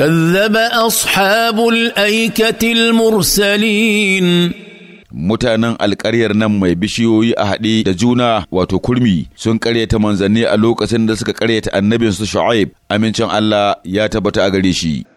كذب أصحاب الأيكة المرسلين mutanen alkaryar nan mai bishiyoyi a haɗe da juna wato kurmi sun karyata manzanni a lokacin da suka karyata annabinsu shu'aib amincin Allah ya tabbata a gare shi